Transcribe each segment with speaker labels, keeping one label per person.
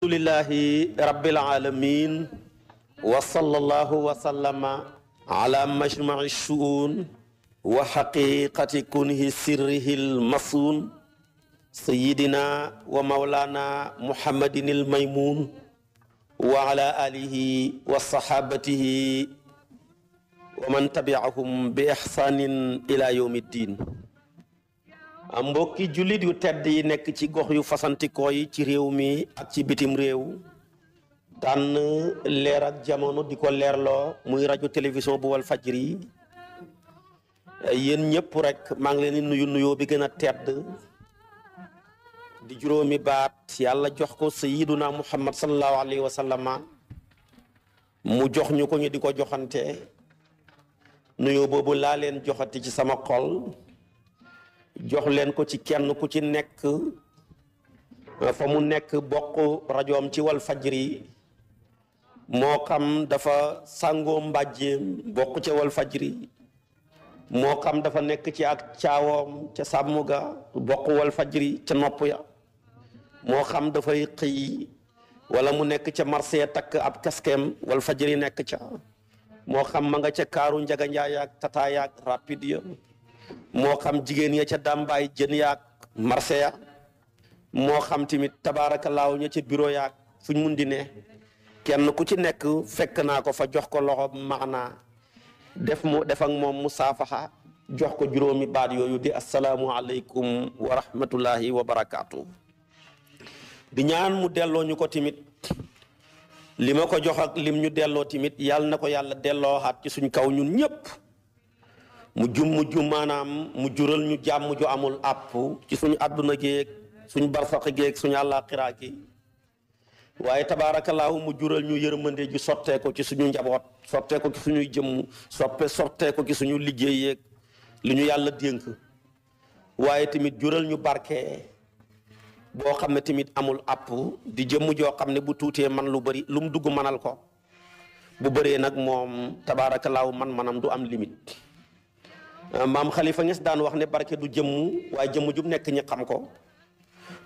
Speaker 1: alhamdulillahi rabbil alamin wa sallallahu wa sallama ala majmaci shu'un wa haqiqati kunhi sirrihi almasun sayidina wa maulana muhammadin almaymun wa ala alihi wa sahabatihi wa man tabi'ahum bi ihsanin ila yawmi ddin mbokki jullit yu tedd yi nekk ci gox yu fasantikoo yi ci réew mi ak ci bitim réew tànn leer ak jamono di ko leerloo muy rajo télévision bu wal fajri yéen ñëpp rek maa ngi leen di nuyu nuyoo bi gën a tedd di juróomi baat yàlla jox ko sayiduna muhammad sallallahu alayhi wa sallama mu jox ñu ko ñu di ko joxante nuyoo boobu laa leen joxati ci sama xol jox leen ko ci kenn ku ci nekk euh, fa mu nekk bokk rajoom ci wal fajri moo xam dafa sàngoo mbàjjeem bokk ca wal fajri moo xam dafa nekk ci ak caawoom ca sàmm ga bokk wal fajri ca nopp ya moo xam dafay xëy wala mu nekk ca marse takk ab kaskeem wal fajri nekk ca moo xam ma nga ca kaaru njaganjaay ak tataayaak rapide ya moo xam jigéen ya ca dàmbaay jën yaak marché moo xam tamit tabaarakallaahu ña ca bureau yaak fuñ mun ne kenn ku ci nekk fekk naa ko fa jox ko loxo maanaa def mu def ak moom mu saafaxa jox ko juróomi baat yooyu di asalaamualeykum wa rahmatullahi wa barakaatu. di ñaan mu delloo ñu ko tamit lima ko jox lim ñu delloo tamit yàlla na ko yàlla dellooxaat ci suñ kaw ñun ñëpp mu jum mu jum maanaam mu jural ñu jàmm ju amul àpp ci suñu àdduna géeg suñu barsaq géeg suñu àllaaxira gi waaye tabaarakallaahu mu jural ñu yërmande ji sottee ko ci suñu njaboot sottee ko ci suñuy jëmm soppe sottee ko suñu liggéey yeeg li ñu yàlla dénk waaye tamit jural ñu barke boo xam ne tamit amul àpp di jëm joo xam ne bu tuutee man lu bëri lu dugg manal ko bu bëree nag moom tabaarakallaahu man manam du am limite maam xalifa Niass daan wax ne barke du jëmm waaye jëmm ju nekk ñi xam ko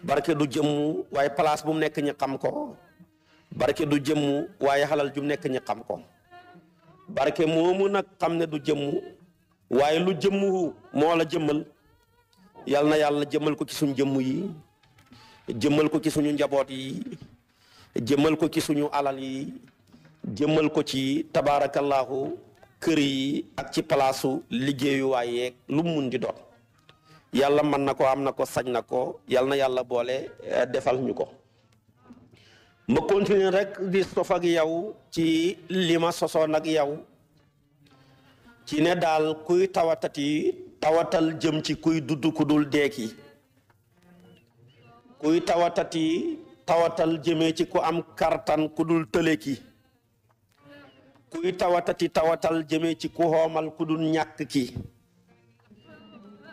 Speaker 1: barke du jëmm waaye place bu mu nekk ñi xam ko barke du jëmm waaye xalal ju nekk ñi xam ko barke moomu nag xam ne du jëmm waaye lu jëmmu moo la jëmmal yal na yàlla jëmmal ko ci suñu jëmm yi jëmmal ko ci suñu njaboot yi jëmmal ko ci suñu alal yi jëmmal ko ci tabaarakallaahu kër yi ak ci palaasu liggéeyuwaay yeeg lu mu mun di doon yàlla mën na ko am na ko sañ na ko yàlla na yàlla boole eh, defal ñu ko ma continuer rek di sof ak yow ci li ma sosoon ak yow ci ne daal kuy tawatati tawatal jëm ci kuy dudd ku dul deeki kuy tawatati tawatal jëme ci ku am kartan ku dul tëleki kuy tawatati tawatal jëmee ci ku xoomal ku dul ñàkk ki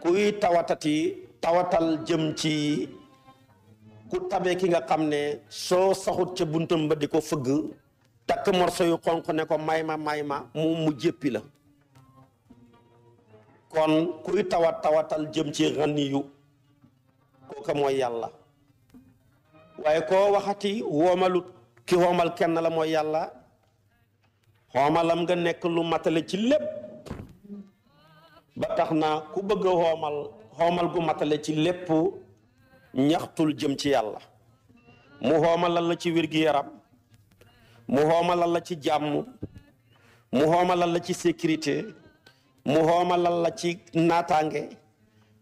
Speaker 1: kuy tawatati tawatal jëm ci ku tabe ki nga xam ne soo saxut ca buntam ba di ko fëgg takk morso yu xonq ne ko may ma may ma mu mu jéppi la kon kuy tawat tawatal jëm ci xani yu kooka mooy yàlla waaye koo waxati woomalut ki woomal kenn la mooy yàlla xoomalam nga nekk lu matale ci lépp ba tax na ku bëgg a xoomal xoomal gu matale ci lépp ñaxtul jëm ci yàlla mu xoomalal la ci wér yaram mu xoomalal la ci jàmm mu xoomalal la ci sécurité mu xoomalal la ci naataange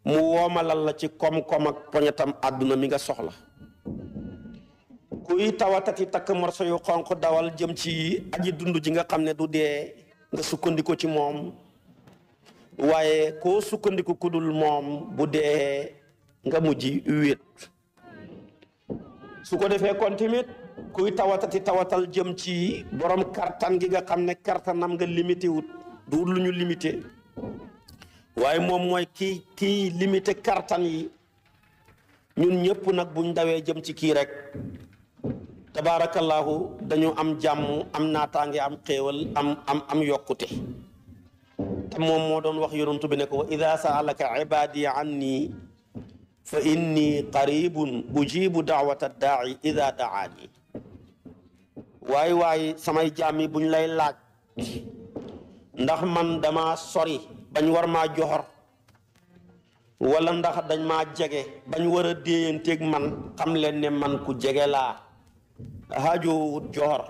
Speaker 1: mu woomalal la ci koom-koom ak poñetam àdduna mi nga soxla kuy tawatati takk morso yu xonq dawal jëm ci aji dund ji nga xam ne du dee nga sukkandiku ci moom waaye koo sukkandiku kudul moom bu dee nga mujj wéet su ko defee contimit kuy tawatati tawatal jëm ci borom kartan gi nga xam ne kartanam nga limité wut du lu ñu limité waaye moom mooy kii kii limité kartan yi ñun ñëpp nag buñ dawee jëm ci kii rek tabaarakallaahu dañu am jàmm am naataange am xéewal am yokkute te moom moo doon wax yonent bi ne ko wa ida saalaka ibaadi anni fa inni qaribun ujibu daawata daai ida daani waay waay samay jaam yi buñ lay laaj ndax man dama sori bañ war ma joxor wala ndax dañ ma jege bañ war a déeyanteeg man xam leen ne man ku jege la wut joor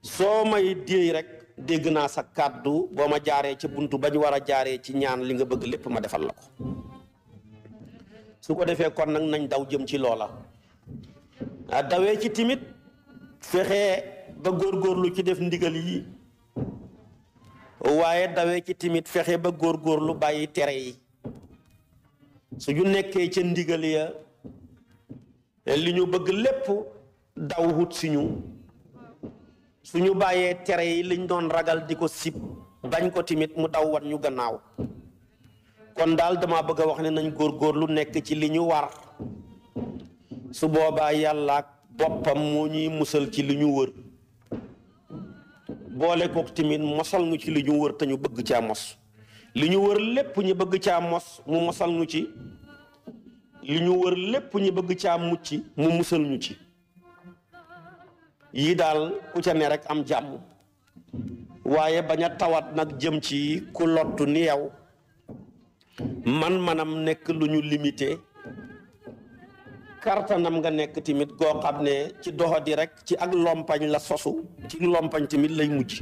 Speaker 1: soo may déey rekk dégg naa sa kàddu boo ma jaaree ci bunt ba ñu war a jaaree ci ñaan li nga bëgg lépp ma defal la ko su ko defee kon nag nañ daw jëm ci loola ah, dawee ci timit fexe ba góor góorgóorlu ci def ndigal yi waaye dawee ci timit fexe ba góor góorgóorlu bàyyi tere yi su ñu nekkee ca ndigal ya li ñu bëgg lépp daw wut suñu suñu bàyyee tere yi liñ doon ragal di ko sib bañ ko timit mu daw wan ñu gannaaw kon daal dama bëgg a wax ne nañ lu nekk ci li ñu war su boobaa yàlla boppam moo ñuy musal ci li ñu wër boole kook timit mosal ñu ci li wër te ñu bëgg caa mos li ñu wër lépp ñu bëgg caa mos mu mosal ñu ci li ñu wër lépp ñu bëgg caa mucc mu musal ñu ci yii daal ku ca rek am jàmm waaye bañ a tawat nag jëm ci ku lottu ni yow man manam nekk lu ñu limité kartanam nga nekk tamit goo xam ne ci doxadi rek ci ak lompañ la sosu ci lompañ tamit lay mujj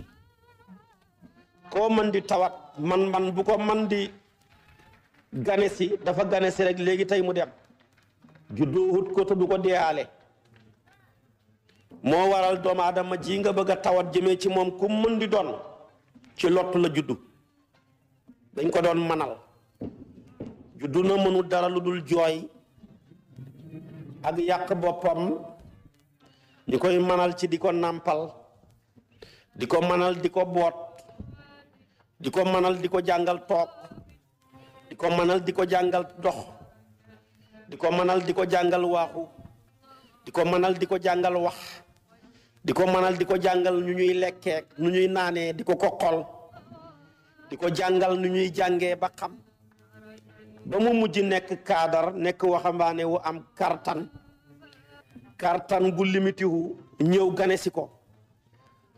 Speaker 1: koo mën tawat man man bu ko man di gane dafa gane si rek léegi tey mu dem juddoo hut ko te du ko deyaale moo waral doomu aadama ji nga bëgg a tawat jëmee ci moom ku mën di doon ci lott la juddu dañ ko doon manal juddu na mënul dara lu dul jooy ak yàq boppam ñu koy manal ci di ko nàmpal di ko manal di ko boot di ko manal di ko jàngal toog di ko manal di ko jàngal dox di ko manal di ko jàngal waaxu di ko manal di ko jàngal wax di ko manal di ko jàngal nu ñuy lekkee nu ñuy naanee di ko ko xol di ko jàngal nu ñuy jàngee ba xam ba mu mujj nekk kaadar nekk waxambaane wu am kartan kartan bu limitiwu ñëw gane si ko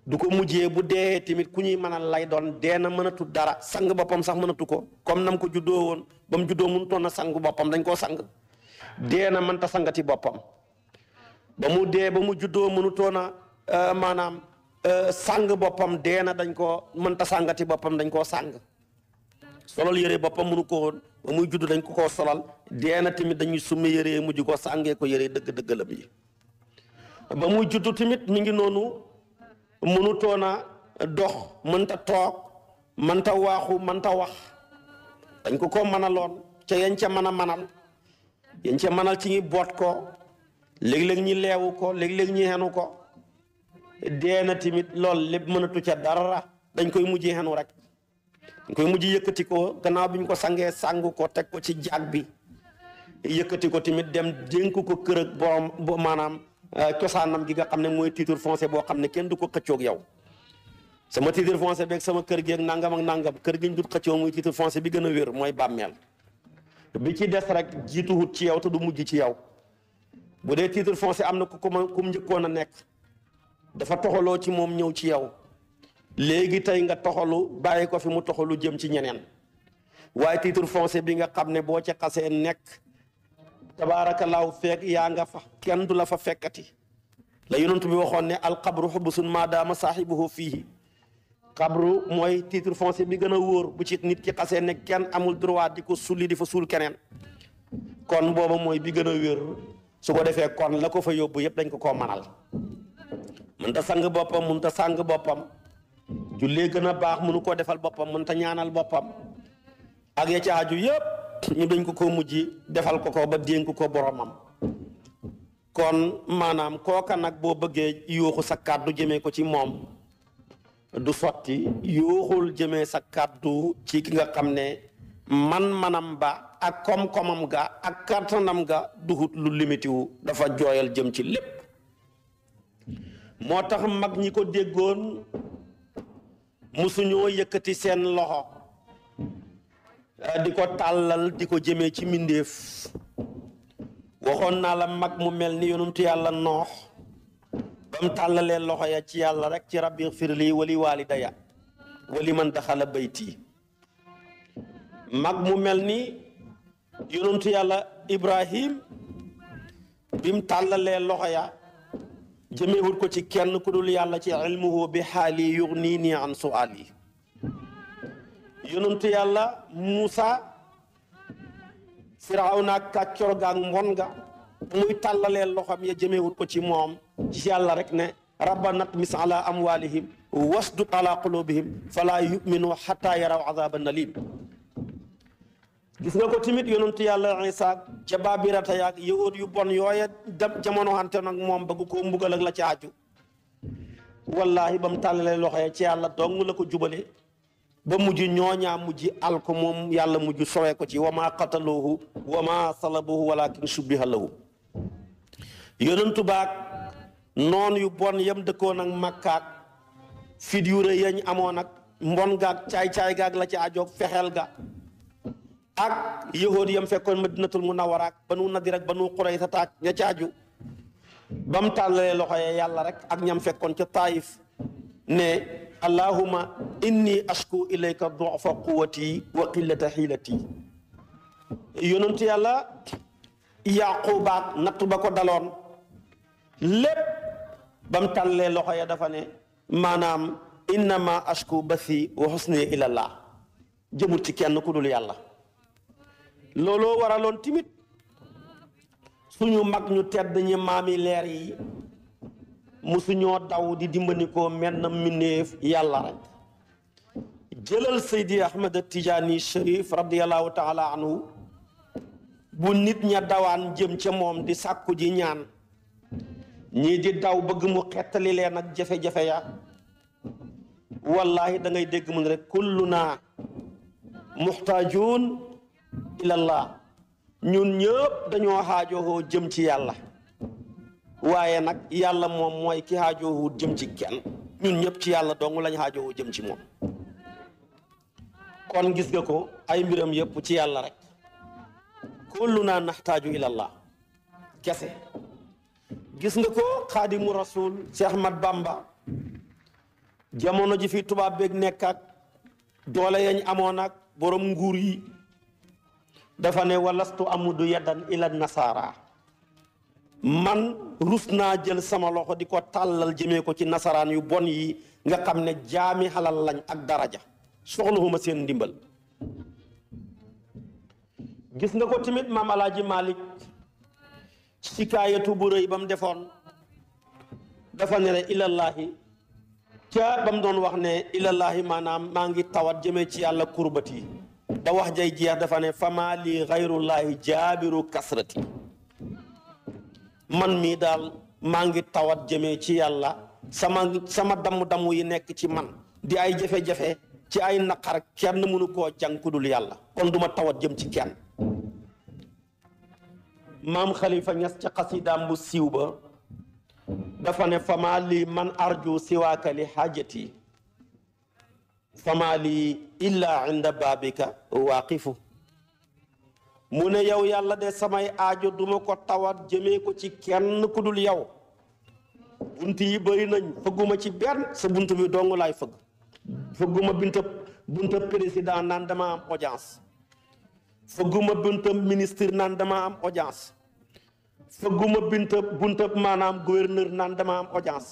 Speaker 1: du ko mujjee bu dee timit ku ñuy mënal lay doon dee na mënatu dara sang boppam sax mënatu ko comme nam ko juddoo woon ba mu juddoo mënutoon na sang boppam dañ koo sang dee na mënta sangati boppam ba mu dee ba mu juddoo mënutoon Euh, maanaam euh, sàng boppam dee na dañ koo mënta sàngati boppam dañ koo sàng solal yére boppam mënu ko ba muy judd dañ ko ko solal dee na tamit dañuy summi yëre mujj ko sàngee ko yëre dëgg-dëggalam yi ba muy juddu tamit mi ngi noonu mënutoon a dox mënta toog mënta waaxu mënta wax dañ ko koo manaloon ci yañ ca mën a manal yañ ca manal ci ñi boot ko léeg-léeg ñi leewu ko léeg-léeg ñi xenu ko dee na tamit loolu lépp mënatu ca dara dañ koy mujjee xanu rek dañ koy mujj yëkkati ko gannaaw bi ñu ko sangee sangu ko teg ko ci jaag bi yëkkati ko tamit dem dénk ko kër ak borom maanaam euh, cosaanam gi nga xam ne mooy titre foncé boo xam ne kenn du ko xëccoog yow sama titre foncier beeg sama kër gi ak nangam ak nangam kër gi ñu dut xëccoo muy titre foncé bi gën a wér mooy bàmmeel bi ci des rek jiituwut ci yow te du mujj ci yow bu dee titre foncier am na ku ko ku njëkkoon a nekk. dafa toxaloo ci moom ñëw ci yow léegi tey nga toxalu bàyyi ko fi mu toxalu jëm ci ñeneen waaye titre foncier bi nga xam ne boo ca xasee nekk tabaarakallaahu fekk yaa nga fa kenn du la fa fekkati la yonent bi waxoon ne alxabru xubusun maadaama saaxibuhu fii xabru mooy titre foncier bi gën a wóor bu ci nit ki xasee ne kenn amul droit di ko sulli di fa suul keneen kon booba mooy bi gën a wér su ko defee kon la ko fa yóbbu yëpp dañ ko ko manal mënta sang boppam ta sàng boppam jullee gën a baax mënu koo defal boppam mënta ñaanal boppam ak ya ca aju yëpp ñu dañ ko ko mujj defal ko ko ba dénk ko boromam kon maanaam kooka nag boo bëggee yooxu sa kàddu jëmee ko ci moom du sotti yooxul jëmee sa kaddu ci ki nga xam ne man-manam ba ak koom-koomam ga ak kàttanam ga duhut lu limitiwu dafa jooyal jëm ci lépp moo tax mag ñi ko déggoon musuñoo yëkkati seen loxo di ko tàllal di ko jëmee ci mbindéef waxoon naa la mag mu mel ni yonentu yàlla noox ba mu tàllalee loxo ya ci yàlla rek ci rabbi xfir lii wali waalidaya wali man daxala bayti mag mu mel ni yonentu yàlla ibrahim bi mu tàllalee loxo ya jëmeewut ko ci kenn ku dul yàlla ci ilmuhu bi xaali yugnii nii an suaal yi yonentu yàlla Muusa Firawna ak kàccor ga ak muy tàllalee loxoom ya jëmeewut ko ci moom ci yàlla rek ne rabbanat mis ala amwalihim wasdud ala qulubihim falaa yuminu xataa yaraw azaban alim gis nga ko tamit yonentu yàlla Isaa ca baabirata yaag yahud yu bon yooya dem jamono ante nag moom bëgg koo mbugal ak la ca aju wallaahi ba mu tàllalee loxo ya ci yàlla dong ko jubale ba mujj ñooñaa mujj alko moom yàlla mujj sowee ko ci wama qataluhu wama salabuhu walakin shubbiha lahu yonentu baag noon yu bon yam dëkkoon ak makkaak fit yu rëy amoon ak mbon gaag caay-caay gaag la ci ajoog fexeel ga ak yahood yam fekkoon madinatul munawwara ak banu nadir ak banu qurayza ak ña caaju ba mu tàllalee loxo ya yàlla rek ak ñam fekkoon ca taayif ne allahuma inni ashku ilayka dufa quwati wa qillata xiilati yonentu yàlla yaqubaat nattu ba ko daloon lépp ba mu tàllalee loxo ya dafa ne maanaam innama ashku basi wa xusni ilallah jëmul ci kenn ku dul yàlla looloo waraloon timit suñu mag ñu tedd ñi maami leer yi musuñoo daw di dimbandikoo menn mbindéef yàlla rek jëlal Seydi Ahmed Tijaani Cherif radiallahu taala bu nit ña dawaan jëm ca moom di sàkku ji ñaan ñii di daw bëgg mu xettali leen ak jafe-jafe ya wallahi da dégg mu ne rek kullu naa muxtaajuun ilallah ñun ñëpp dañoo xaajoohoo jëm ci yàlla waaye nag yàlla moom mooy ki xaajoohoo jëm ci kenn ñun ñëpp ci yàlla dong lañ xaajoohoo jëm ci moom kon gis nga ko ay mbiram yépp ci yàlla rek kullu naa naxtaaju ilallah kese gis nga ko xaadimu rasul Cheikh Ahmad Bamba jamono ji fi tubaab beeg nekkaat doole yañ amoon ak borom nguur yi dafa ne walastu amudu yadan ila nasaara man rus naa jël sama loxo di ko tàllal jëme ko ci nasaraan yu bon yi nga xam ne jaami xalal lañ ak daraja soxluhuma seen ndimbal gis nga ko tamit maam alaaji Malick sikaayatu bu rëy ba mu defoon dafa ne rek ilallaahi ca ba mu doon wax ne ilallaahi maanaam maa ngi tawat jëmee ci yàlla kurbat yi ba wax jay jeex dafa ne fama li xayrullahi jaabiru kasrati man mii daal maa ngi tawat jëme ci yàlla sama sama damm-damm yi nekk ci man di ay jafe-jafe ci ay naqar kenn mënu ko jàng ku yàlla kon duma tawat jëm ci kenn maam xalifa ñas ci xasidaam bu siiw ba dafa ne fama li man arju siwaaka li xaajati fama lii illaa inda baabika waaqifu mu ne yow yàlla de samay aajo duma ko tawat jëme ko ci kenn ku dul yow bunt yi bëri nañ fëgguma ci benn sa bunt bi dong laay fëgg fëgguma binta bunta président naan dama am audience fëgguma bunta ministre naan dama am audience fëgguma binta bunta maanaam gouverneur naan dama am audience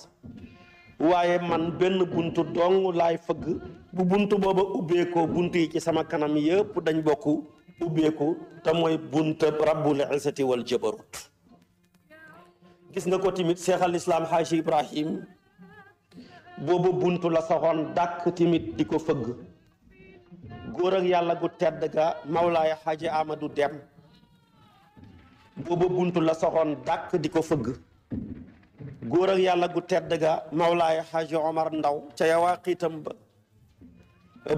Speaker 1: waaye man benn bunt dong laay fëgg bu bunt booba ubbeekoo bunt yi ci sama kanam yëpp dañ bokk ubbeeku te mooy bunta rabbul izzati jabarut gis nga ko tamit cheikh al islam haaji ibrahim boobu buntu la soxoon dàkk timit di ko fëgg góor ak yàlla gu tedd ga mawlaaya haaji amadou dem boobu buntu la saxoon dàkk di ko fëgg góor yàlla gu tedd ga Mawlaay Xaaji Omar Ndaw ca yawaa xiitam ba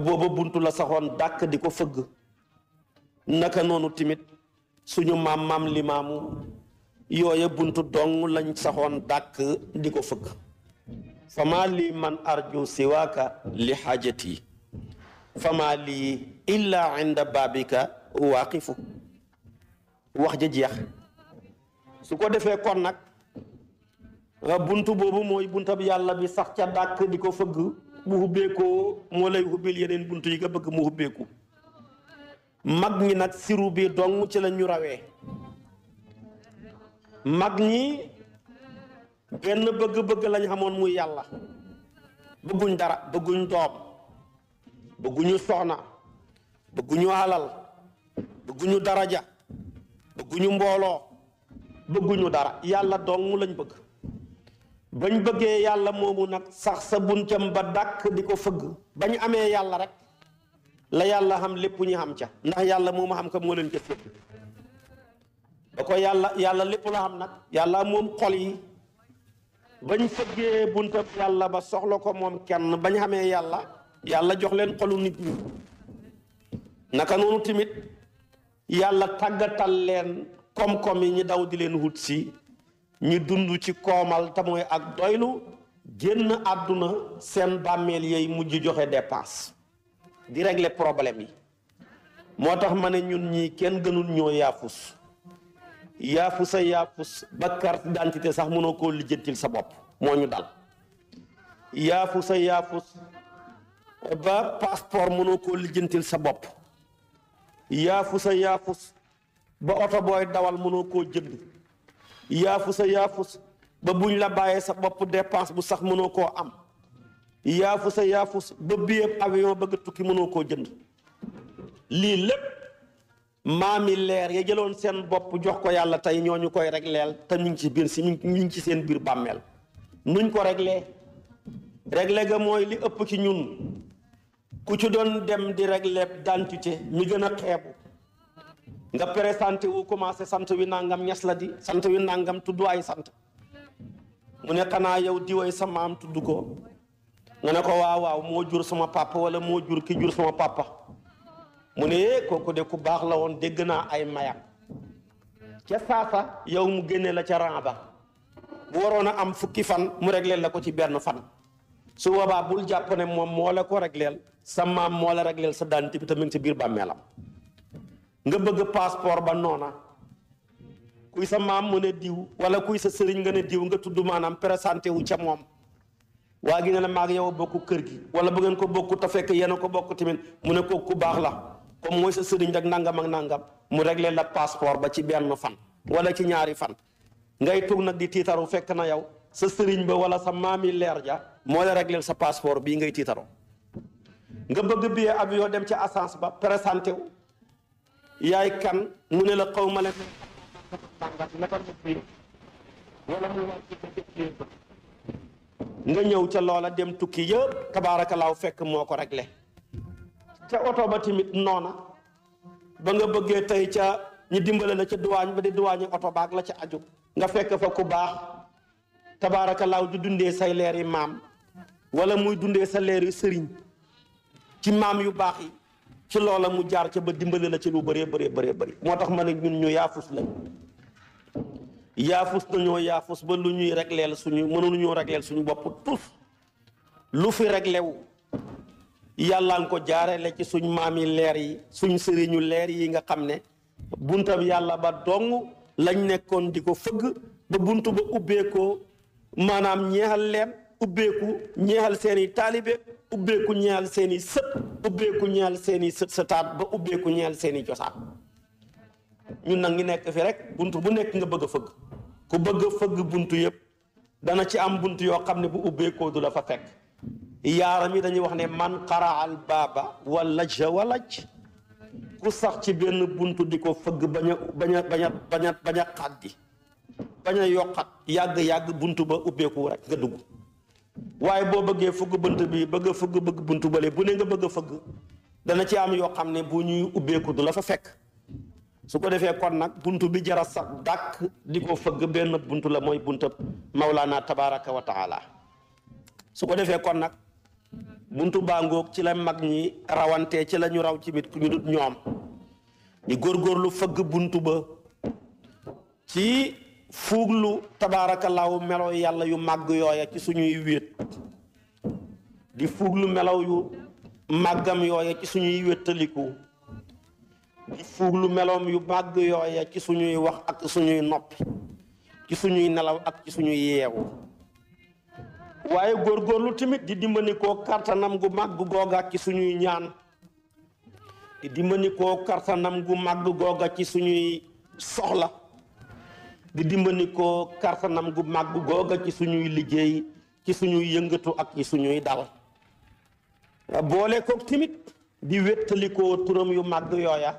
Speaker 1: booba buntu la saxoon dàkk di ko fëgg naka noonu timit suñu maam maam limaamu yooya buntu dong lañ saxoon dàkk di ko fëgg fama lii man arju siwaaka li xaajati fama lii illa inda baabika waaqifu wax ja jeex su ko defee kon nag bunt boobu mooy buntab yàlla bi sax ca dàkk di ko fëgg bu hubbeekoo moo lay hubbil yeneen bunt yi nga bëgg mu hubbeeku mag ñi nag siru bi dong ci la ñu rawee mag ñi benn bëgg-bëgg lañ xamoon muy yàlla bëgguñ dara bëgguñ doom bëgguñu soxna bëgguñu alal bëgguñu daraja bëgguñu mbooloo bëgguñu dara yàlla dong lañ bëgg bañ bëggee yàlla moomu nag sax sa buntam ba dàkk di ko fëgg bañ amee yàlla rek la yàlla xam lépp ñu xam ca ndax yàlla moomu xam ka moo leen ca fëgg ba ko yàlla yàlla lépp la xam nag yàlla moom xol yi bañ fëggee buntam yàlla ba soxla ko moom kenn bañ amee yàlla yàlla jox leen xolu nit ñi naka noonu tamit yàlla tàggatal leen koom-koom yi ñu daw di leen wut si ñu dund ci koomal te mooy ak doylu génn àdduna seen bàmmeel yooyu mujj joxe dépense di régler problème yi moo tax ma ne ñun ñii kenn gënul ñoo yaafus yaafus a yaafus ba carte d'identité sax mënoo koo lijjantil sa bopp moo ñu dal yaafus a yaafus ba passeport mënoo koo lijjantil sa bopp yaafus a yaafus ba oto booy dawal mënoo koo jënd yaafusa yaafus ba buñ la bàyyee sa bopp depanse bu sax mënoo koo am yaafusa yaafus ba billet avion bëgg tukki mënoo koo jënd lii lépp maami leer ya jëloon seen bopp jox ko yàlla tey ñoo ñu koy regleel te ñu ngi ci biir si ñu ngi ci seen biir bàmmeel nuñ ko reglee regle ga mooy li ëpp ci ñun ku ci doon dem di regle d'identité mi gën a xeebu nga présenté wu commencé sant wi nangam ñas la di sant wi nangam tudd ay sant mu ne xanaa yow diwee sa maam tudd ko nga ne ko waaw waaw moo jur sama papa wala moo jur ki jur sama papa mu ne eh, kooku de ku baax la woon dégg naa ay mayam ca saasa yow mu génne la ca rang ba bu waroon a am fukki fan mu régleel la ko ci benn fan su boobaa bul jàpp ne moom moo la ko régleel sa maam moo la régleel sa daan bi tamit ci biir bàmmeelam nga bëgg passeport ba noona kuy sa maam mu ne diw wala kuy sa sëriñ nga ne diw nga tudd maanaam présenté wu ca moom waa gi ne la maag yow a bokk kër gi wala bu ngeen ko bokku ta fekk yéen ko bokk tamit mu ne ko ku baax la comme mooy sa sëriñ rek nangam ak nangam mu réglé la passeport ba ci benn fan wala ci ñaari fan ngay toog nag di tiitaru fekk na yow sa sëriñ ba wala sa maami leer ja moo la réglé sa passeport bii ngay tiitaroo nga bëgg billet yaay kan mu ne la xaw leen nga ñëw ca loola dem tukki yëpp tabaarakallaahu fekk moo ko réglé ca oto ba tamit noona ba nga bëggee tey ca ñu dimbale na ca duwaañ ba di duwaañi oto baag la ca aju nga fekk fa ku baax tabaarakallaahu di dundee say leer yi maam walla muy dundee sa leeri yu sëriñ ci maam yu baax ci loola mu jaar ca ba dimbali la ci lu bëree bëree bëree bëri moo tax ma ne ñun ñu yaafus lañ yaafus nañoo yaafus ba lu ñuy regleel suñu mënuñoo regleel suñu bopp tous lu fi reglewu yàlla nga ko jaarale ci suñ maam yi leer yi suñ sëriñu leer yi nga xam ne buntam yàlla ba dong lañ nekkoon di ko fëgg ba bunt ba ubbeekoo maanaam ñeexal leen ubbeeku ñeexal seeni taalibe ubbeeku ñaal seeni i sët ubbeeku ñaal seen sët sëtaat ba ubbeeku ñaal seeni i cosaan ñun nag ngi nekk fi rek bunt bu nekk nga bëgg a fëgg ku bëgg a fëgg bunt yëpp dana ci am bunt yoo xam ne bu ubbeekoo du la fa fekk yaaram dañuy wax ne man qaraa al baaba walaj walaj sax ci benn bunt di ko fëgg bañ a bañ a bañ yokkat yàgg-yàgg bunt ba ubbeeku rek nga dugg waaye boo bëggee fugg bunt bi bëgg a fugg bëgg bunt bale bu ne nga bëgg fëgg dana ci am yoo xam ne bu ñuy ubbeeku du la fa fekk su ko defee kon nag bunt bi jara sax dàkk di ko fëgg benn bunt la mooy buntab Mawlaana tabaraka wa su ko defee kon nag buntu baangoog ci la mag ñi rawantee ci lañu raw ci mit ku ñu dut ñoom di góorgóorlu fëgg bunt ba ci fuuglu tabaarakallaahu melow yàlla yu màgg yooya ci suñuy wéet di fuuglu melow yu màggam yooya ci suñuy wéttaliku di fuuglu meloom yu màgg yooya ci suñuy wax ak suñuy noppi ci suñuy nelaw ak ci suñuy yeewu waaye góorgóorlu tamit di dimbandikoo kartanam gu màgg suñuy ñaan di dimbandikoo kartanam gu màgg googa ci suñuy soxla di dimbandikoo kartanam gu màgg googa ci suñuy liggéey ci suñuy yëngatu ak ci suñuy dal boole koog tamit di wéttalikoo turam yu màgg yooya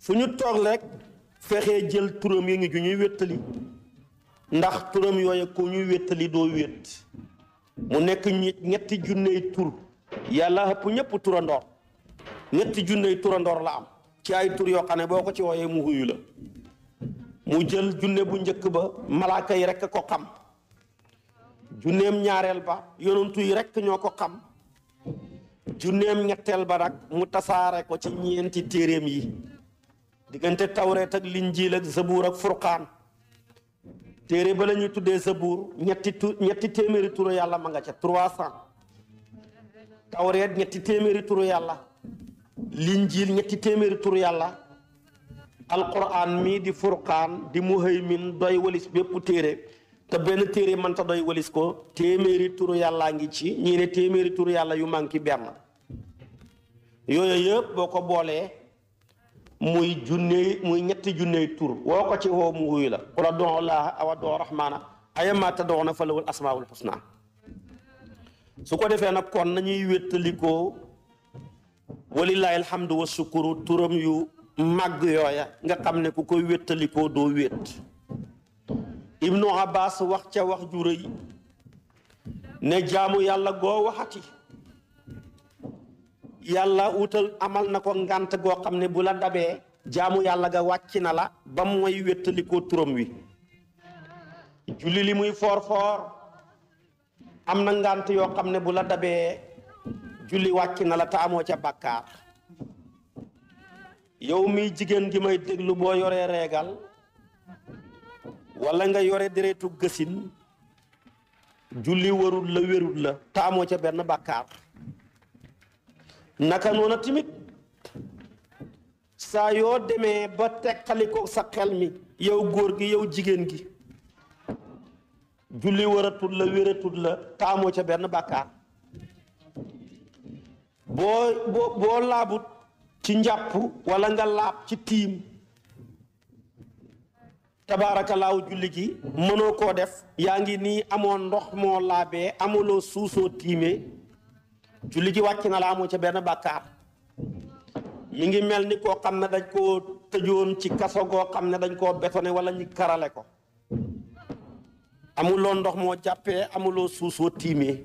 Speaker 1: suñu ñu toog rek fexee jël turam yi ngi ju ñuy wéttali ndax turam yooya ko ñuy wéttali doo wét mu nekk ñetti junney tur yàlla ëpp ñëpp turandoor ñetti junney turandoor la am ci ay tur yoo xam ne boo ko ci wooyee mu huyu la mu jël junne bu njëkk ba malaaka yi rekk ko xam junneem ñaareel ba yonantu rek ñoo ko xam junneem ñetteel ba nag mu tasaare ko ci ñeenti téeréem yi diggante tawreet ak linjiil ak zabuur ak furqaan téere ba la ñuy tuddee zabuur ñetti tu téeméeri turu yàlla ma nga ca trois cent tawreet ñetti téeméeri turu yàlla linjiil ñetti téeméeri turu yàlla alquran mii di furqaan di muhaymin doy walis bépp téere te benn téere mënta doy walis ko téeméeri turu yàllaa ngi ci ñii ne téeméeri turu yàlla yu manqué benn yooyu yëpp boo ko boolee muy junneey muy ñetti junneey tur woo ko ci woo mu wuyu la ku la doo awa doo rahmaana ayama ta na fa lawul asmaul husna su ko defee nag kon nañuy wéttalikoo walilahi alhamdu wa turam yu màgg yooya nga xam ne ku koy wéttalikoo doo wéet ibnu abbas wax ca wax ju rëy ne jaamu yàlla goo waxati yàlla wutal amal na ko ngànt goo xam ne bu la dabee jaamu yàlla ga wàcc na la ba mooy wéttalikoo turam wi julli li muy foor foor am na ngànt yoo xam ne bu la dabee julli wàcc na la ta amoo ca bàkkaar yow miy jigéen gi may déglu boo yoree reegal walla nga yore deretu gësin julli warul la wérul la taamoo ca benn bàkkaar naka noona tamit saa yoo demee ba teqali ko sa xel mi yow góor gi yow jigéen gi julli waratul la wératul la taamoo ca benn bàkkaar boo boo boo laabut ci njàpp walla nga laab ci tiim tabaarakallaahu julli gi mënoo ko def yaa ngi nii amoon ndox moo laabee amuloo suusoo tiimee julli gi wàcc na la amoo ca benn bàkkaar mi ngi mel ni koo xam ne dañ koo tëjoon ci kaso goo xam ne dañ koo bétonné wala ñu karale ko amuloo ndox moo jàppee amuloo suusoo tiimee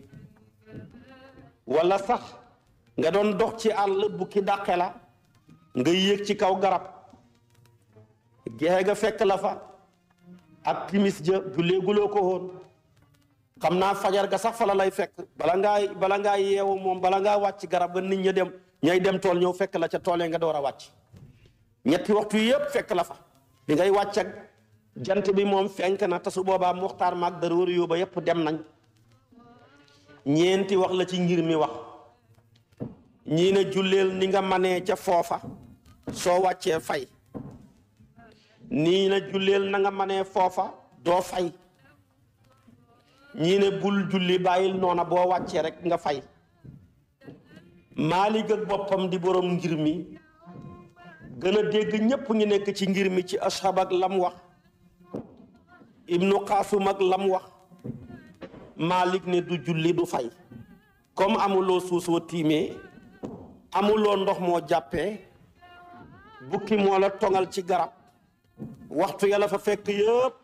Speaker 1: wala sax nga doon dox ci àll bukki dàqe la nga yéeg ci kaw garab gexe ga fekk la fa ak timis ja julleeguloo ko woon xam naa fajar ga sax fa la lay fekk bala ngaa bala ngaa yeewu moom bala ngaa wàcc garab ga nit ña dem ñay dem tool ñëw fekk la ca toolee nga door a wàcc ñetti waxtu yëpp fekk la fa bi ngay wàcc ak jant bi moom fenk na te su boobaa muxtaar maag dara wër yóbba yëpp dem nañ ñeenti wax la ci ngir mi wax ñii ne ni nga manee ca foofa soo wàccee fay nii na julleel nanga nga manee foofa doo fay ñii ne bul julli bàyyil noona boo wàccee rek nga fay Maalik ak boppam di boroom ngir mi gën a dégg ñépp ñu nekk ci ngir mi ci ashab ak lam wax ibnu qaasum ak lam wax Maalik ne du julli du fay comme amuloo suus tiimee amuloo ndox moo jàppee bukki moo la tongal ci garab waxtu yàlla fa fekk yëpp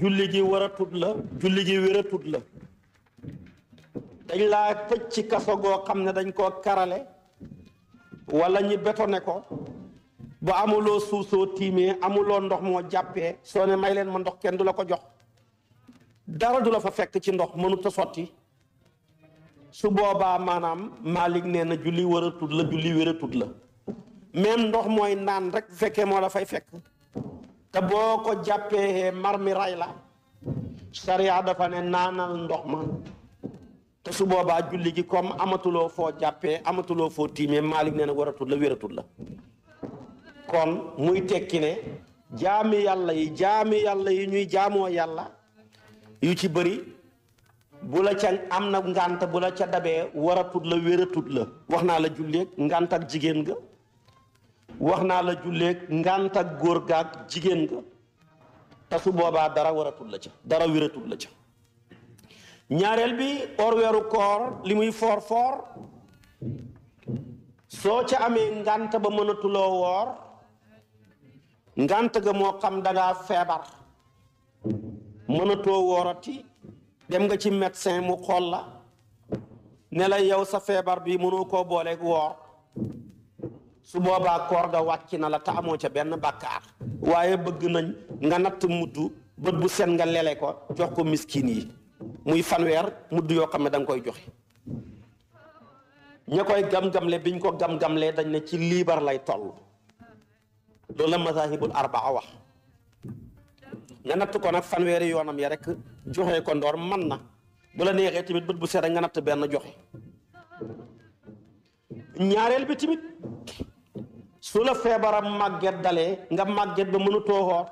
Speaker 1: julli ji waratut la julli ji wér a la dañ laa tëj ci kaso goo xam ne dañ koo karale wala ñi ne ko ba amuloo suuf soo tiimee amuloo ndox moo jàppee soo ne may leen ma ndox kenn du la ko jox dara du la fa fekk ci ndox mënut a sotti su boobaa maanaam maalik nee na julli war a la julli wér a la même ndox mooy naan rek fekkee moo la fay fekk te boo ko jàppee mar ray la sariya dafa ne naanal ndox ma te su boobaa julli gi comme amatuloo foo jàppee amatuloo foo tiimee Maalik nee na waratul la wératul la muy tekki ne jaami yàlla yi ñuy jaamoo yàlla yu ci bëri bu ca am na ngànt bu la ca dabee waratul la wératul la wax naa la julleeg ngànt jigéen nga wax naa la julleeg ngànta góor gaag jigéen nga te boobaa dara waratul la ca dara wératul la ca ñaareel bi orweeru koor li muy foor foor soo ca amee ngant ba mënatuloo woor ngànt ga moo xam dangaa feebar mënatoo woorati dem nga ci médecin mu xool la ne la yow sa feebar bi mënoo koo booleek woor su boobaa koor ga wàcc na la te amoo ca benn bàkkaar waaye bëgg nañ nga natt mudd bët bu set nga ko jox ko miskin yi muy fanweer mudd yoo xam ne da koy joxe ña koy gam-gamle biñ ko gam-gamlee dañ ne ci liibar lay toll loolu la mazahibul arbaa wax natt ko nag fanweeri yoonam ya rek joxe ko ndoor man na bu la neexee tamit bët bu nga natt benn joxe ñaareel bi tamit su la feebaram màgget dalee nga màgget ba mënutoo woor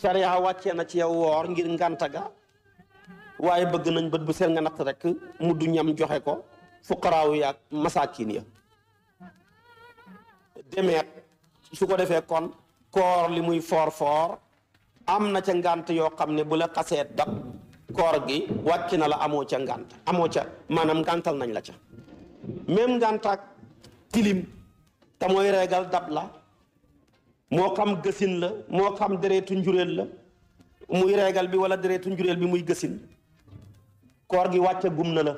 Speaker 1: sariya wàccee na ci yow woor ngir ngànta ga waaye bëgg nañ bët bu seen nga natt rek mu du ñam joxe ko fuqaraaw yaag masaakin ya demeet su ko defee kon koor li muy foor foor am na ca ngànt yoo xam ne bu la xasee dab koor gi wàcc na la amoo ca ngànt amoo ca maanaam ngàntal nañ la ca même ngàntaak tilim te mooy reegal dab la moo xam gësin la moo xam dereetu njuréel la muy reegal bi wala dereetu njuréel bi muy gësin koor gi wàcce gum la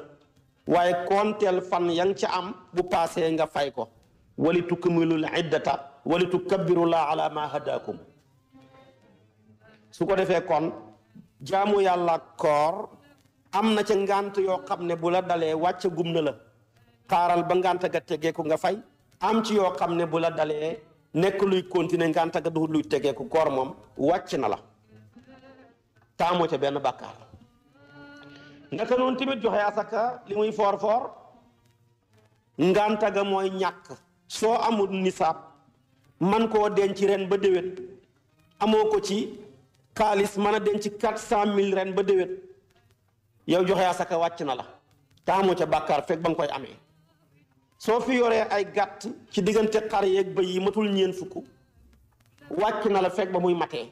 Speaker 1: waaye koonteel fan ya nga ca am bu paasee nga fay ko wali tukmilul iddata wali tukabbirullah ala ma su ko defee kon jaamu yàlla koor am na ca ngant yoo xam ne bu la dalee wàcce gum na xaaral ba ngànte ga ko nga fay am ci yoo xam ne bu la dalee nekk luy continuer ngànta ga du luy tegeeku koor moom wàcc na la taamoo ca benn bàkkaar naka noonu tamit joxe asaka li muy foor foor ngànta ga mooy ñàkk soo amul nisaab man koo denc ren ba déwét amoo ko ci xaalis mën a denc quatre cent mille ren ba déwét yow joxe asaka wàcc na la taamoo ca bàkkaar fekk ba nga koy amee soo fi yoree ay gàtt ci diggante xar yeeg bëy yi matul ñeen fukk wàcc na la fekk ba muy matee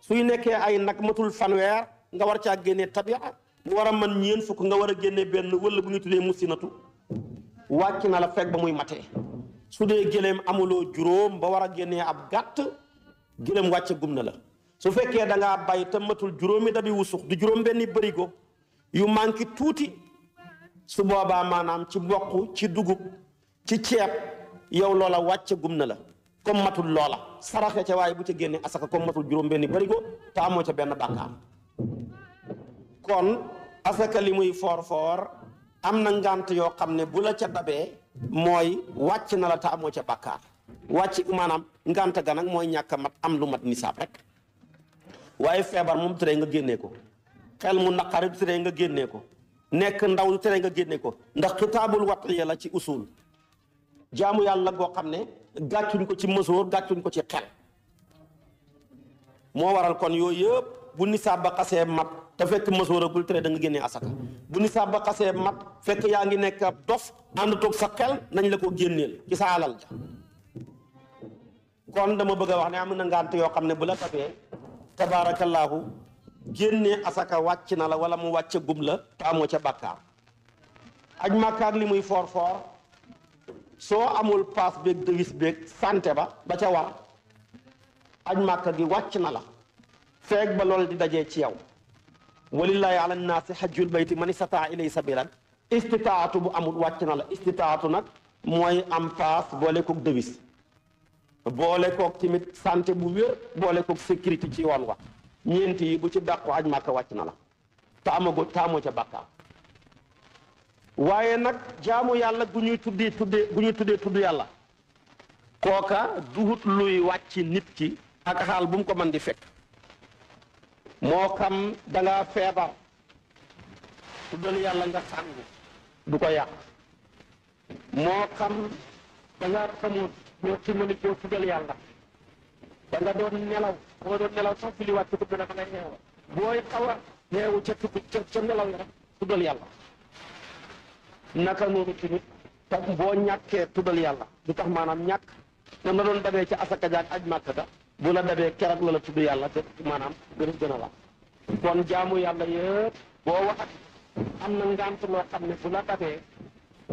Speaker 1: suy nekkee ay nag matul fanweer nga war caa génne tabia mu war a mën ñeen fukk nga war a génnee benn wala bu ñu lee musinatu wàcc na la fekk ba muy matee su dee gëléem amuloo juróom ba war a génnee ab gàtt gëléem wàcce gum na la su fekkee da ngaa bay te matul juróomi dabi wusux di juróom benni bërigo yu manqué tuuti su boobaa maanaam ci mboq ci dugub ci ceeb yow loola wàcce gum na la comme matul loola saraxe ca waaye bu ca génne asaka comme matul juróom benni barigo te amoo ca benn bàkkaar kon asaka li muy foor foor am na ngant yoo xam ne bu la ca dabee mooy wàcc na la te amoo ca bàkkaar wàcc maanaam ngant ga nag mooy ñàkk mat am lu mat nisaab rek waaye feebar moom tere nga génnee ko xel mu naqari tere nga génnee ko nekk ndaw lu tere nga génne ko ndax xitaabul watiya la ci usul jaamu yàlla goo xam ne gàccuñ ko ci mësoor gàccuñ ko ci xel moo waral kon yooyu yëpp bu nissaab ba xasee mat te fekk mësoor agul tere da nga génnee asaka bu nisaab ba xasee mat fekk yaa ngi nekk ab dof ànd toog sa xel nañ la ko génneel ci sa alal ja kon dama bëgg a wax ne am na ngànt yoo xam ne bu la tabee tabaarakallaahu génnee asaka wàcc na la wala mu wàcce gum la te amoo ca bàkkaar aj màkkaak li muy foor foor soo amul paas beeg dewis beeg sante ba ba ca war aj màkka gi wàcc na la feeg ba loolu di dajee ci yow walillahi ala nnaasi hajjul bayti man istataa ilay sabilan istitaatu bu amul wàcc na la istitaatu nag mooy am paas boole koog dewis boole koog tamit santé bu wér boole koog sécurité ci yoon wa ñeent yi bu ci dàq aj màkka wàcc na la te amago taamoo ca bàkkaar waaye nag jaamu yàlla gu ñuy tuddee tuddee gu ñuy tuddee tudd yàlla kooka duhut luy wàcc nit ki ak xaal bu mu ko mën di fekk moo xam danga feebar tuddal yàlla nga sàngu du ko yàq moo xam danga xamut boo ci mënu tuddal yàlla da nga doon nelaw boo doon nelaw sax julliwaat ci tudd na ma nga yeewa booy xaw a yeewu ca tudd ca ca nelaw ya rek tuddal yàlla naka noonu boo ñàkkee tuddal yàlla du tax maanaam ñàkk na ma doon dabee ca asaka jaag aj màkk ga bu la dabee keroog la la tudd yàlla maanaam gën a gën a la kon jaamu yàlla yëpp am na ngant loo xam ne bu la dabee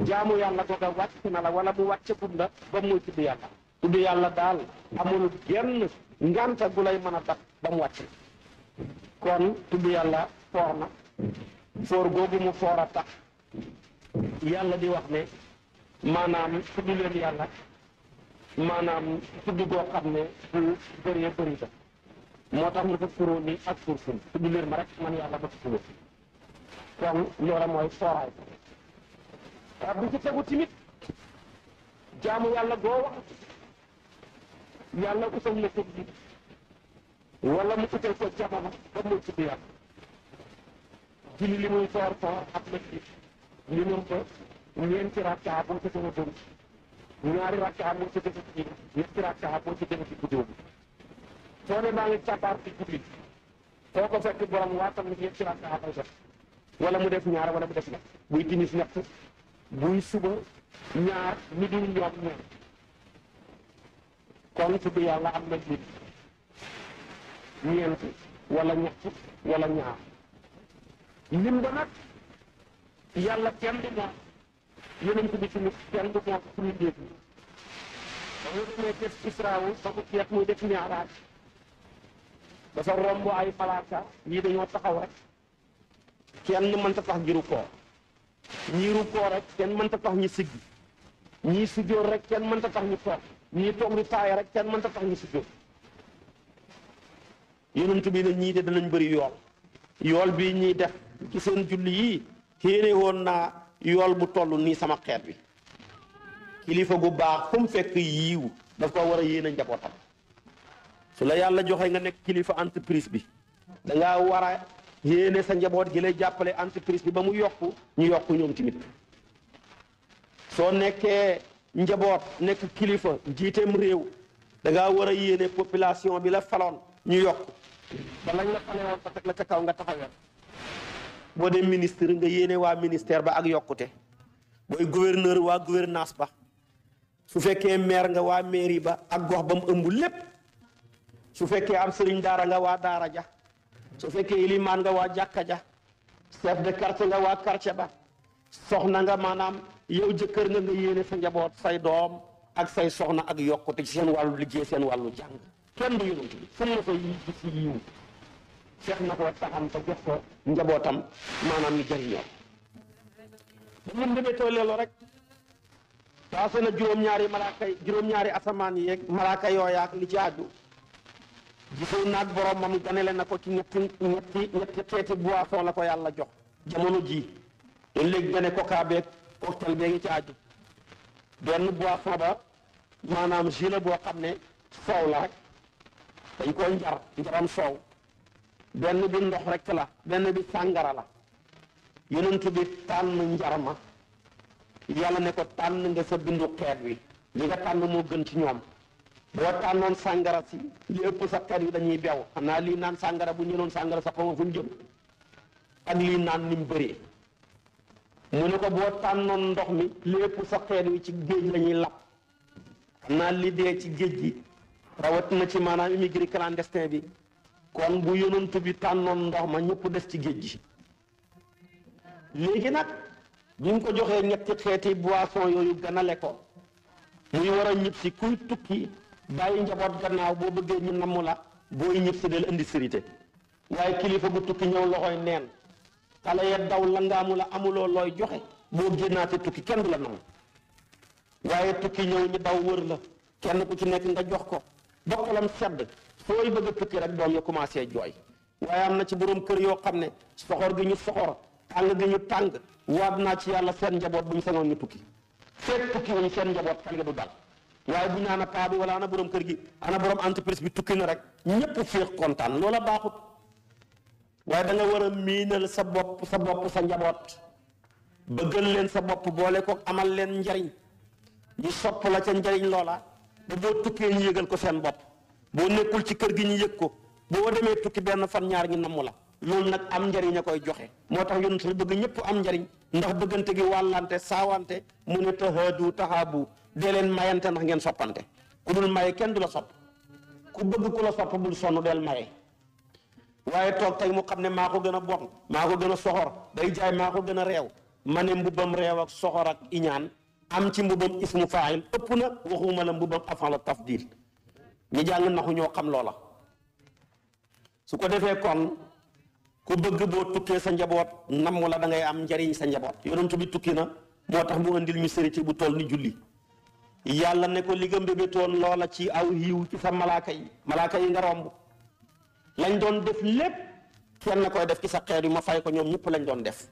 Speaker 1: jaamu yàlla googa wàcc na la wala mu wàcce gum la ba tudd yàlla daal amul genn ngànta gu lay mën a tax ba mu wàcc kon tudd yàlla foor na foor googu mu foor a tax yàlla di wax ne maanaam tudd leen yàlla maanaam tudd goo xam ne bu bëree bëri moo tax ñu ko kuroo ak suur sun tudd leen ma rek man yàlla ma tudd kon loola mooy fooraay bu ci tegu timit jaamu yàlla goo wax yàlla utal la ko nit wala mu utal ko jamono ba mu tudd yàlla julli li muy soor soor ak la ci li mu ko ñeenti rakka boo ci gën a dóor ñaari rakka ci gën a kii ñetti rakka boo ci gën a kii dóor soo ne maa ngi capaar ci julli soo ko fekk borom waatam ni ñetti rakka koy def wala mu def ñaar wala mu def ñett buy timis ñett buy suba ñaar ni midi ñoom ñaar kon tudd yàlla am na jiit ñeent wala ñett wala ñaar lim ba nag yàlla kenn du moom yonent bi tamit kenn du moom suñu déet bi ba mu ba mu romb ay malaaka ñii dañoo taxaw rek kenn mënta tax ngiru koor ñii ru rek kenn mënta tax ñi siggi ñii sujjóor rek kenn mënta tax ñu toog ñii toog di taaya rek kenn mënta tax ñu si jóg yonent bi ne ñii de danañ bëri yool yool bi ñuy def ci seen julli yi téere woon naa yool bu toll nii sama xeet bi kilifa gu baax comme mu fekk yiw daf ko war a yéene njabootam su la yàlla joxe nga nekk kilifa entreprise bi da ngaa war a yéene sa njaboot gi lay jàppale entreprise bi ba mu yokk ñu yokk ñoom tamit soo nekkee njaboot nekk kilifa njiiteem réew da ngaa war a yéene population bi la faloon ñu yokk ca kaw nga taxawee boo dee ministre nga yéene waa ministère ba ak yokkute booy gouverneur waa gouvernance ba su fekkee maire nga waa mairie ba ak gox ba mu ëmb lépp su fekkee am sëriñ daara nga waa daara ja su fekkee ilimaan nga waa jàkka ja chef de quartier nga waa quartier ba soxna nga maanaam yow jëkkër nga nga yéene sa njaboot say doom ak say soxna ak yokkut ci seen wàllu liggéey seen wàllu jàng kenn du yonent bi yi gis si yiw feex na ko saxam te jox ko njabootam maanaam ñu jëriñoo dañu mbëggee too leelu rek paase na juróom-ñaari malaaka juróom yeeg malaaka yooya ak li ci àddu gisoo naag borom moom ganele na ko ci ñetti la ko yàlla jox jamono oktal bee ngi ci benn boisson ba maanaam jus boo xam ne soow la rek dañ koo njar njaram soow benn bi ndox rek la benn bi sàngara la yonent bi tànn njar ma yàlla ne ko tànn nga sa bindu xeet wi li nga tànn moo gën ci ñoom boo tànnoon sàngara si li ëpp sa xeet wi dañuy bew xam naa lii naan sàngara bu ñu sàngara sa xaw ma fu ñu ak lii naan ni mu bëree mu ne ko boo tànnoon ndox mi lépp sa xeet wi ci géej la lap xam naa li dee ci géej gi rawat na ci maanaam immigré clandestin bi kon bu yonantu bi tànnoon ndox ma ñëpp des ci géej gi léegi nag bi mu ko joxee ñetti xeeti boisson yooyu ganale ko muy war a ñib si kuy tukki bàyyi njaboot gannaaw boo bëggee ñu namm la booy ñib si del indi waaye kilifa bu tukki ñëw loxoy neen xale ya daw la ngaamu la amuloo looy joxe boo génnaate tukki kenn du la nangu waaye tukki ñëw ñu daw wër la kenn ku ci nekk nga jox ko ba xolam sedd fooy bëgg a tukki rek doom ya commencé jooy waaye am na ci borom kër yoo xam ne soxor gi ñu soxor tàng gi ñu tàng waat naa ci yàlla seen njaboot bu ñu ñu tukki fekk tukki wuñ seen njaboot xel nga du dal waaye bu ñu ana paa bi wala ana borom kër gi ana borom entreprise bi tukki na rek ñëpp féex kontaan loola baaxut. waaye da nga war a miinal sa bopp sa bopp sa njaboot bëggal leen sa bopp boole ko amal leen njariñ ñu sopp la ca njariñ loola ba boo tukkee ñu yëgal ko seen bopp boo nekkul ci kër gi ñu yëg ko boo demee tukki benn fan ñaar ñu namm la loolu nag am njariñ a koy joxe moo tax yonent bi bëgg ñëpp am njariñ ndax bëggante gi wàllante saawante mu ne tahaadu tahaabu dee leen mayante ndax ngeen soppante ku dul maye kenn du la sopp ku bëgg ku la sopp bul sonn del maye waaye toog tey mu xam ne maa ko gën a bon maa ko gën a soxor day jaay maa ko gën a réew ma ne mbubam réew ak soxor ak iñaan am ci mbubam ismu faayil ëpp na waxuma la mbubam afan la tafdil ñi jàng naxu ñoo xam loola su ko defee kon ku bëgg boo tukkee sa njaboot nam la da ngay am njariñ sa njaboot yonent bi tukki na moo tax mu andil ñu sérité bu tool ni julli yàlla ne ko li nga mbébétoon loola ci aw yiw ci sa malaaka yi malaaka yi nga lañ doon def lépp kenn koy def ci sa xeet yi ma fay ko ñoom ñëpp lañ doon def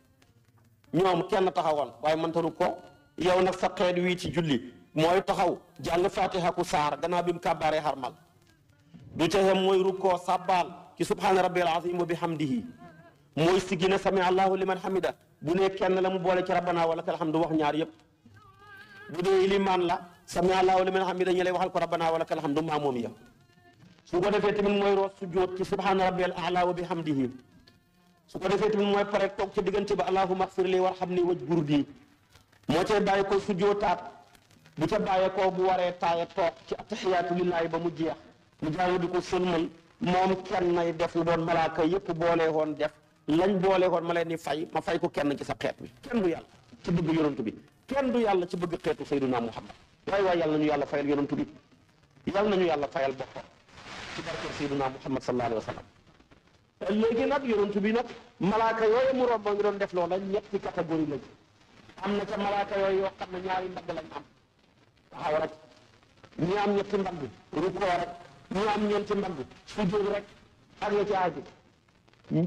Speaker 1: ñoom kenn taxawoon waaye mëntanu ko yow nag sa wii ci julli mooy taxaw jàng fatiha ku saar ganaa bi mu kàbbaaree xarmal du ca xem mooy rukkoo sàbbaal ci subhaana rabbil azim wa bihamdihi mooy siggi na sami allahu liman hamida bu ne kenn la mu boole ci rabbana wa lakal hamdu wax ñaar yépp bu dee limaan la sami allahu liman hamida ñu ko rabbana wa lakal hamdu maa moom ya su ko defee tamit mooy roos su jóot ci subhaana rabbiyal a'la wa bihamdihi su ko defee tamit mooy pare toog ci diggante ba allahumma ighfir li warhamni wajbur bi moo cay bàyyi ko su jootaat bu ca bàyyi ko bu waree taaya toog ci attahiyaatu lillaahi ba mu jeex mu jaamu di ko sëlmal moom kenn nay def lu doon malaaka yépp boole woon def lañ boole woon ma leen di fay fay ko kenn ci sa xeet bi kenn du yàlla ci bëgg yonent bi kenn du yàlla ci bëgg xeetu sayyiduna muhammad waay waay yàlla ñu yàlla fayal yonent bi yàlla ñu yàlla fayal boppam ci barkeb Seydina Muhammad sallallahu wa sallam léegi nag yonent bi nag malaaka yooyu mu romb ngi doon def loola ñetti catégorie la ci am na ca malaaka yooyu yoo na ñaari mbagg lañ am taxaw rek ñi am ñetti mbagg rukkoo rek ñi am ñeenti mbagg sujjóot rek ak la ci aaju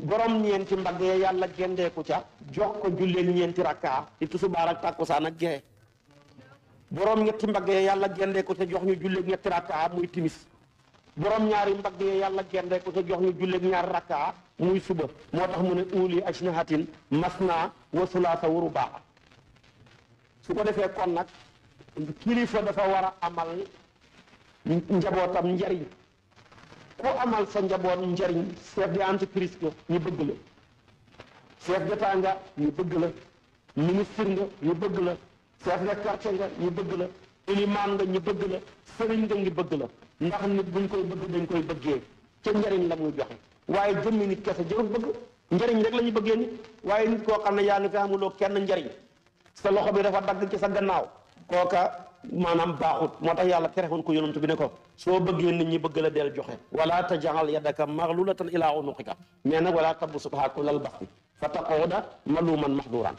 Speaker 1: borom ñeenti mbagg yee yàlla gendeeku ca jox ko julleen ñeenti rakkaa di tusubaar ak tàkkusaan ak jeexe borom ñetti mbagg yee yàlla gendeeku ca jox ñu julleen ñetti rakkaa muy timis borom ñaari mbagg yi yàlla gendee ko sa jox ñu julleeg ñaar rakka muy suba moo tax mu ne uuli ajnihatin masna wa sulaasa wa rubaa su ko defee kon nag kilifa dafa war a amal njabootam njariñ ku amal sa njaboot njariñ chef d'entreprise ko ñu bëgg la chef d'état nga ñu bëgg la ministre nga ñu bëgg la chef de quartier nga ñu bëgg la élimaan nga ñu bëgg la sëriñ nga ngi bëgg la ndax nit buñ koy bëgg dañ koy bëggee ca njariñ la muy joxe waaye jëmmi nit kese jarul bëgg njariñ rek la ñu bëggee waaye nit koo xam ne yaa ngi fi kenn njariñ sa loxo bi dafa dagg ci sa gannaaw kooka maanaam baaxut moo tax yàlla terexoon ko yonent bi ne ko soo bëggee nit ñi bëgg la del joxe ta wala tajal yadaka maglulatan ila unuqika mais nag wala tabsutha kullal basti fa taquda maluman mahduran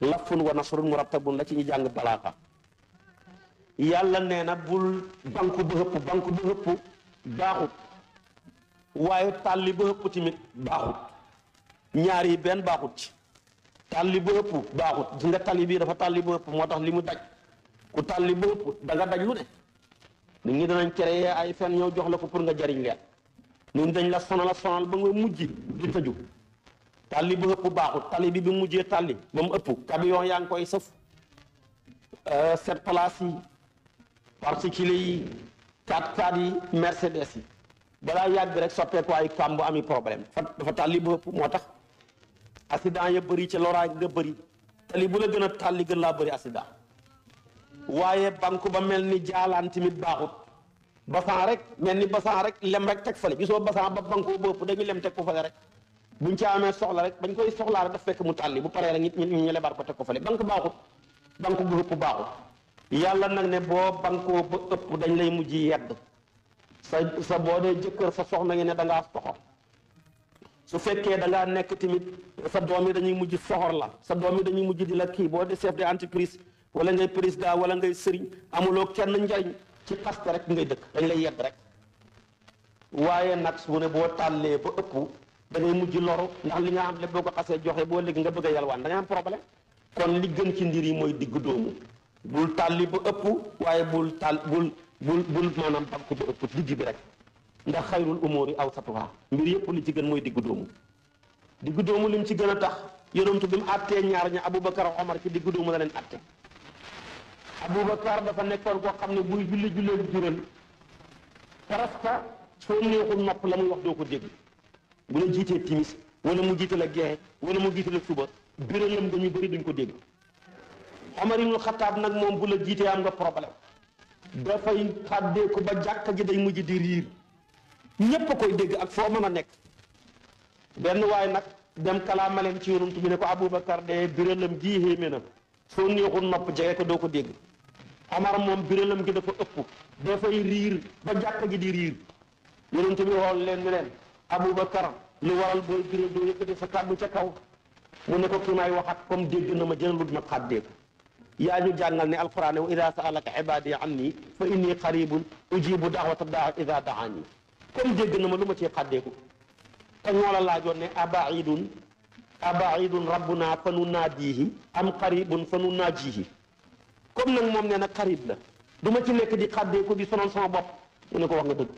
Speaker 1: lafun wa nasrun murattabun la ci ñu jàng balaaxa yàlla nee na bul banku ba xëpp banku ba xëpp baaxut waaye tàlli ba xëpp tamit baaxut ñaar benn baaxut ci tàlli ba xëpp baaxut di nga bii dafa tàlli ba xëpp moo tax li mu daj ku tàlli ba xëpp da nga daj lu ne nit ñi ay fen ñoo jox la ko pour nga jariñ leen nit dañ la sonal a sonal ba nga mujj di tëju tàlli ba ëpp baaxut tàlli bi bi mujjee tàlli ba ëpp camion yaa ngi koy sëf set euh, place particulier yi 4 kaat 4 yi Mercedes yi balaa yàgg rek soppeeku ay kàmb ami problème dafa tàlli bu ëpp moo tax accident ya bëri ca loraange nga bëri tali bu la gën a tàlli gën laa bëri accident waaye banque ba mel ni jaalaan tamit baaxut basan rek mel ni basan rek lem rek teg fale gisoo basan ba banque ba ëpp dañuy lem teg ko fale rek buñ ci amee soxla rek bañ koy soxlaa rek daf fekk mu tàlli bu paree rek ñu lebar ko teg ko fale banque baaxut banque bu ëpp baaxut yàlla nag ne boo bankoo ba ëpp dañ lay mujj yedd sa sa boo dee jëkkër sa soxna ngi ne da soxor su fekkee da ngaa nekk tamit sa doom yi dañuy mujj soxor la sa doom yi dañuy mujj di la kii boo dee chef de entreprise wala ngay président wala ngay sëriñ amuloo kenn njariñ ci paste rek ngay dëkk dañ lay yedd rek waaye nag su ne boo tàllee ba ëpp da ngay mujj loru ndax li nga xam ne boo ko xasee joxe boo léegi nga bëgg a yalwaan da nga am problème kon li gën ci ndir yi mooy digg doomu bul tàlli bu ëpp waaye bul tàll bul bul bul maanaam dab ko bu ëpp digg bi rek ndax xayrul aw awsatuha mbir yépp li ci gën mooy diggu doomu diggu doomu lim ci gën a tax yonentu bi mu àttee ñaar ña Aboubacar Omar ci diggu doomu la leen àtte Aboubacar dafa nekkoon koo xam ne buy julli julleegu jural presque soo neexul nopp la muy wax doo ko dégg bu la jiitee timis wala mu jiital ak geexe wala mu jiital ak suba biral lam nga bëri duñ ko dégg Omar ibnul Xataab nag moom bu la jiitee am nga problème dafay xàddeeku ba jàkk ji day mujj di riir ñépp koy dégg ak foo mën a nekk benn waaye nag dem kalaamaleen ma yonent bi ne ko Aboubacar de birélam gii xéeme na nopp doo ko dégg Omar moom birélam gi dafa ëpp dafay riir ba jàkk ji di riir yonent bi xool leen ne leen Aboubacar lu waral booy ca kaw mu ne ko ki may waxat comme dégg na ma jënalul ma xàddeeku yaa ñu jàngal ne alquran wa ida saalaka ibadi anni fa inni qaribun ujibu daawata daa ida daani comme dégg na ma lu ma ci xàddeeku te ñoo la laajoon ne abaidun fa nu am qaribun fa nu moom nee na qarib la du ma ci nekk di xàddeeku di sonal sama bopp mu ne ko wax nga dëgg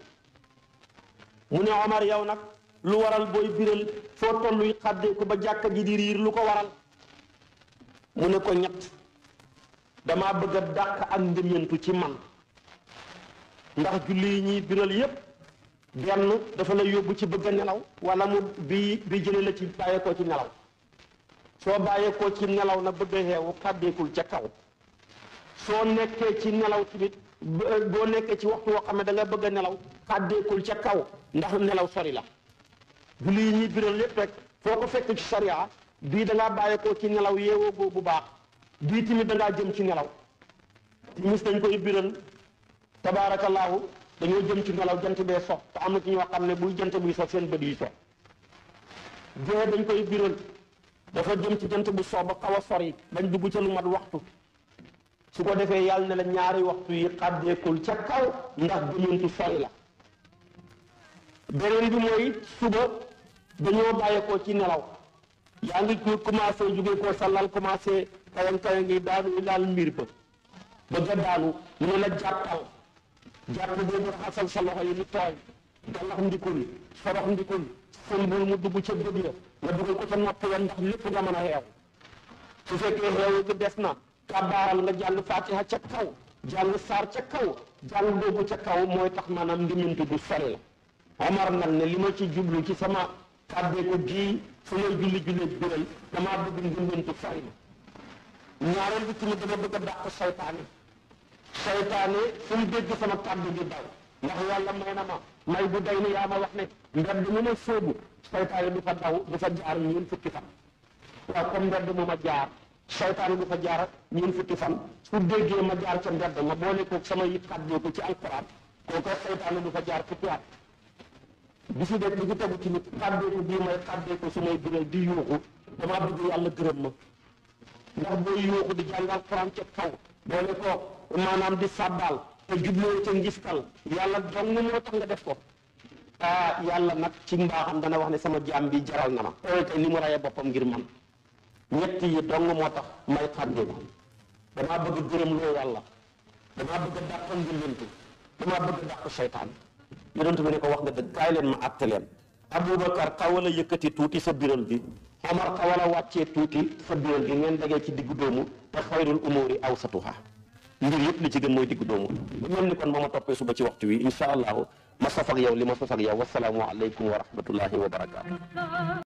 Speaker 1: mu ne Omar yow nag lu waral booy biral foo tolluy xàddeeku ba jàkka ji di riir lu ko waral mu damaa bëgg a dàq ak ndëmyantu ci man ndax julli yi ñuy biral yépp benn dafa la yóbbu ci bëgg a nelaw walla mu bi bi jële la ci bàyyeekoo ci nelaw soo bàyyeekoo ci nelaw na bëgg a xeewu kàddeekul ca kaw soo nekkee ci nelaw tamit boo nekkee ci waxtu woo xam ne da bëgg a nelaw kàddeekul ca kaw ndax nelaw sori la julli yi ñuy biral lépp rek foo ko fekk ci sariya bii da ngaa bàyyeekoo ci nelaw yeewoo bu baax di tamit da ngaa jëm ci ngelaw timis dañ koy biral tabaarakallaahu dañoo jëm ci ngelaw jant bee sox te am na ci ñoo xam ne buy jant buy sox seen bët yi sox géewe dañ koy biral dafa jëm ci jant bu sox ba xaw a sori dañ dugg ca lu mat waxtu su ko defee yàlla ne la ñaari waxtu yi xàddeekul ca kaw ndax gëmantu sori la beneen bi mooy suba dañoo bàyyeekoo ci nelaw yaa ngi commencé jóge ko sa lal commencé kawe kawe ngi daanu laal mbir ba bëgg a daanu ñu ne la jàppal jàpp boobu raxasal sa loxo yi mu tooy galax ndikul sorox ndikul sëmbul mu dugg ca bët ya nga dugal ko ca nopp ya ndax lépp nga mën a xeew su fekkee xeew gi des na kabaaral nga jàll fatiha ca kaw jàng saar ca kaw jàng boobu ca kaw mooy tax maanaam ndimintu du sell Omar nag ne li ma ci jublu ci sama kàddee ko gii fu may julli julli biral damaa bëgg ndimintu sell ñaareel bi tamit dama bëgg a dàq saytaane saytaane fu mu dégg sama kàddu gi daw ndax yàlla may na ma may bu day nii yaa ma wax ne mbedd mu ne sóobu saytaane du fa daw du fa jaar ñeen fukki fan waaw comme mbedd mu jaar saytaane du fa jaar ñeen fukki fan su déggee ma jaar ca mbedd ma boole ko sama yit kàddu ko ci alquran kooku saytaane du fa jaar fukki at bi si dég bi ko tegu ci nit kàddu bii may kàddu ko su may biral di yuuxu dama bëgg yàlla gërëm ma ndax booy yuuxu di jàng alxuraan ca kaw boole ko maanaam di sàbbaal te jubloo ca ngistal yàlla dong moo tax nga def ko ah, yàlla nag ci mbaaxam dana wax ne sama jaam bi jaral na ma te ni boppam ngir man ñett yi dong moo tax may xàmmee ko damaa bëgg gërëm loo yàlla damaa bëgg dàq ngir lëntu damaa bëgg dàq seytaan yonent ne ko wax nga dëgg kaay leen ma àtte leen Aboubacar xawal a yëkkati tuuti sa biral bi Omar xawal a wàccee tuuti sa biral bi ngeen dagee ci diggu doomu te xayrul umóori aw satuha mbir yëpp li ci gën mooy diggu doomu mel ni kon ba ma toppee suba ci waxtu wi incha allahu ma saf ak yow li ma saf ak yow wasalaamu aleykum wa rahmatullahi wa barakaatu.